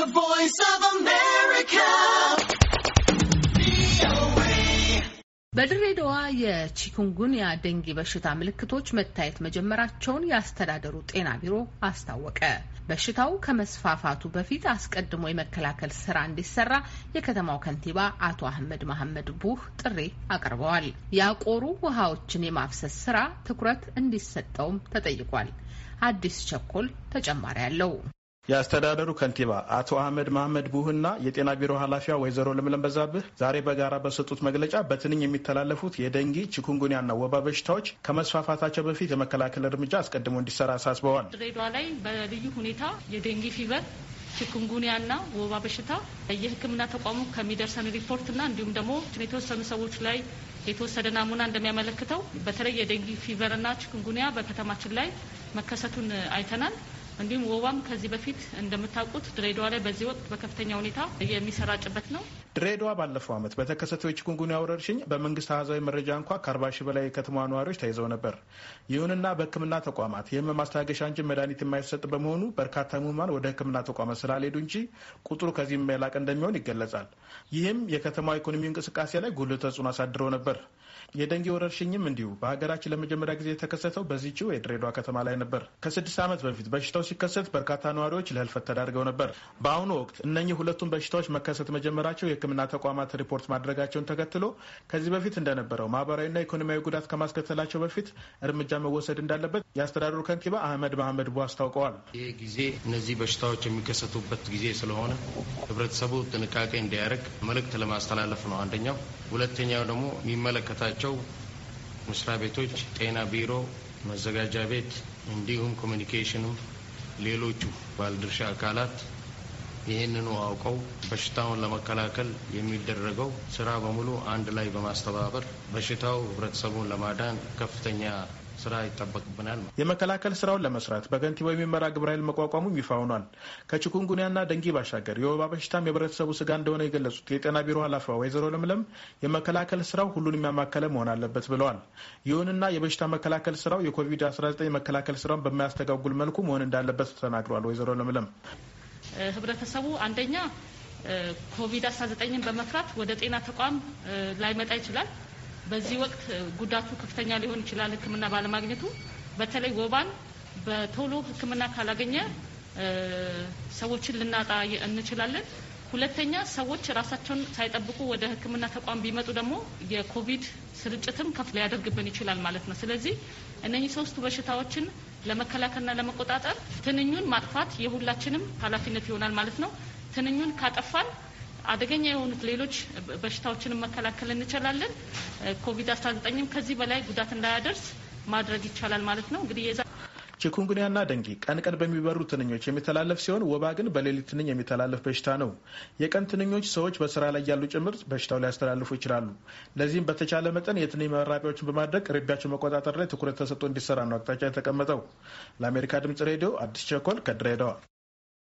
The Voice of America. በድሬዳዋ የቺኩንጉንያ ደንጊ በሽታ ምልክቶች መታየት መጀመራቸውን የአስተዳደሩ ጤና ቢሮ አስታወቀ። በሽታው ከመስፋፋቱ በፊት አስቀድሞ የመከላከል ስራ እንዲሰራ የከተማው ከንቲባ አቶ አህመድ መሐመድ ቡህ ጥሪ አቅርበዋል። ያቆሩ ውሃዎችን የማፍሰስ ስራ ትኩረት እንዲሰጠውም ተጠይቋል። አዲስ ቸኮል ተጨማሪ አለው። የአስተዳደሩ ከንቲባ አቶ አህመድ መሐመድ ቡህና የጤና ቢሮ ኃላፊዋ ወይዘሮ ለምለም በዛብህ ዛሬ በጋራ በሰጡት መግለጫ በትንኝ የሚተላለፉት የደንጊ ቺኩንጉኒያና ወባ በሽታዎች ከመስፋፋታቸው በፊት የመከላከል እርምጃ አስቀድሞ እንዲሰራ አሳስበዋል። ድሬዷ ላይ በልዩ ሁኔታ የደንጊ ፊቨር ቺኩንጉኒያና ወባ በሽታ የሕክምና ተቋሙ ከሚደርሰን ሪፖርትና እንዲሁም ደግሞ የተወሰኑ ሰዎች ላይ የተወሰደ ናሙና እንደሚያመለክተው በተለይ የደንጊ ፊቨርና ችኩንጉኒያ በከተማችን ላይ መከሰቱን አይተናል። እንዲሁም ወባም ከዚህ በፊት እንደምታውቁት ድሬዳዋ ላይ በዚህ ወቅት በከፍተኛ ሁኔታ የሚሰራጭበት ነው። ድሬዳዋ ባለፈው ዓመት በተከሰተው የቺኩንጉንያ ወረርሽኝ በመንግስት አሃዛዊ መረጃ እንኳ ከ ሺህ በላይ የከተማ ነዋሪዎች ተይዘው ነበር። ይሁንና በሕክምና ተቋማት የህመም ማስታገሻ እንጂ መድኃኒት የማይሰጥ በመሆኑ በርካታ ህሙማን ወደ ሕክምና ተቋማት ስላልሄዱ እንጂ ቁጥሩ ከዚህም የላቀ እንደሚሆን ይገለጻል። ይህም የከተማዋ ኢኮኖሚ እንቅስቃሴ ላይ ጉልህ ተጽዕኖ አሳድረው ነበር። የደንጌ ወረርሽኝም እንዲሁ በሀገራችን ለመጀመሪያ ጊዜ የተከሰተው በዚችው የድሬዳዋ ከተማ ላይ ነበር። ከስድስት ዓመት በፊት በሽታው ሲከሰት በርካታ ነዋሪዎች ለህልፈት ተዳርገው ነበር። በአሁኑ ወቅት እነኚህ ሁለቱም በሽታዎች መከሰት መጀመራቸው የሕክምና ተቋማት ሪፖርት ማድረጋቸውን ተከትሎ ከዚህ በፊት እንደነበረው ማህበራዊና ኢኮኖሚያዊ ጉዳት ከማስከተላቸው በፊት እርምጃ መወሰድ እንዳለበት የአስተዳደሩ ከንቲባ አህመድ መሐመድ ቡ አስታውቀዋል። ይህ ጊዜ እነዚህ በሽታዎች የሚከሰቱበት ጊዜ ስለሆነ ህብረተሰቡ ጥንቃቄ እንዲያደርግ መልእክት ለማስተላለፍ ነው አንደኛው። ሁለተኛው ደግሞ የሚመለከታቸው መስሪያ ቤቶች፣ ጤና ቢሮ፣ መዘጋጃ ቤት እንዲሁም ኮሚኒኬሽንም ሌሎቹ ባለድርሻ አካላት ይህንኑ አውቀው በሽታውን ለመከላከል የሚደረገው ስራ በሙሉ አንድ ላይ በማስተባበር በሽታው ህብረተሰቡን ለማዳን ከፍተኛ ስራ ይጠበቅብናል። የመከላከል ስራውን ለመስራት በከንቲባው የሚመራ ግብረ ኃይል መቋቋሙም ይፋ ሆኗል። ከቺኩንጉንያና ደንጊ ባሻገር የወባ በሽታም የህብረተሰቡ ስጋ እንደሆነ የገለጹት የጤና ቢሮ ኃላፊዋ ወይዘሮ ለምለም የመከላከል ስራው ሁሉን የሚያማከለ መሆን አለበት ብለዋል። ይሁንና የበሽታ መከላከል ስራው የኮቪድ-19 መከላከል ስራውን በማያስተጋጉል መልኩ መሆን እንዳለበት ተናግሯል ወይዘሮ ለምለም ህብረተሰቡ አንደኛ ኮቪድ-19ን በመፍራት ወደ ጤና ተቋም ላይመጣ ይችላል። በዚህ ወቅት ጉዳቱ ከፍተኛ ሊሆን ይችላል ህክምና ባለማግኘቱ። በተለይ ወባን በቶሎ ህክምና ካላገኘ ሰዎችን ልናጣ እንችላለን። ሁለተኛ ሰዎች ራሳቸውን ሳይጠብቁ ወደ ህክምና ተቋም ቢመጡ ደግሞ የኮቪድ ስርጭትም ከፍ ሊያደርግብን ይችላል ማለት ነው። ስለዚህ እነኚህ ሶስቱ በሽታዎችን ለመከላከልና ለመቆጣጠር ትንኙን ማጥፋት የሁላችንም ኃላፊነት ይሆናል ማለት ነው። ትንኙን ካጠፋን አደገኛ የሆኑት ሌሎች በሽታዎችንም መከላከል እንችላለን። ኮቪድ 19ም ከዚህ በላይ ጉዳት እንዳያደርስ ማድረግ ይቻላል ማለት ነው። እንግዲህ ቺኩንጉኒያና ደንጊ ቀን ቀን በሚበሩ ትንኞች የሚተላለፍ ሲሆን ወባ ግን በሌሊት ትንኝ የሚተላለፍ በሽታ ነው። የቀን ትንኞች ሰዎች በስራ ላይ ያሉ ጭምር በሽታው ሊያስተላልፉ ይችላሉ። ለዚህም በተቻለ መጠን የትንኝ መራቢያዎችን በማድረግ ርቢያቸው መቆጣጠር ላይ ትኩረት ተሰጥቶ እንዲሰራ ነው አቅጣጫ የተቀመጠው። ለአሜሪካ ድምጽ ሬዲዮ አዲስ ቸኮል ከድሬዳዋ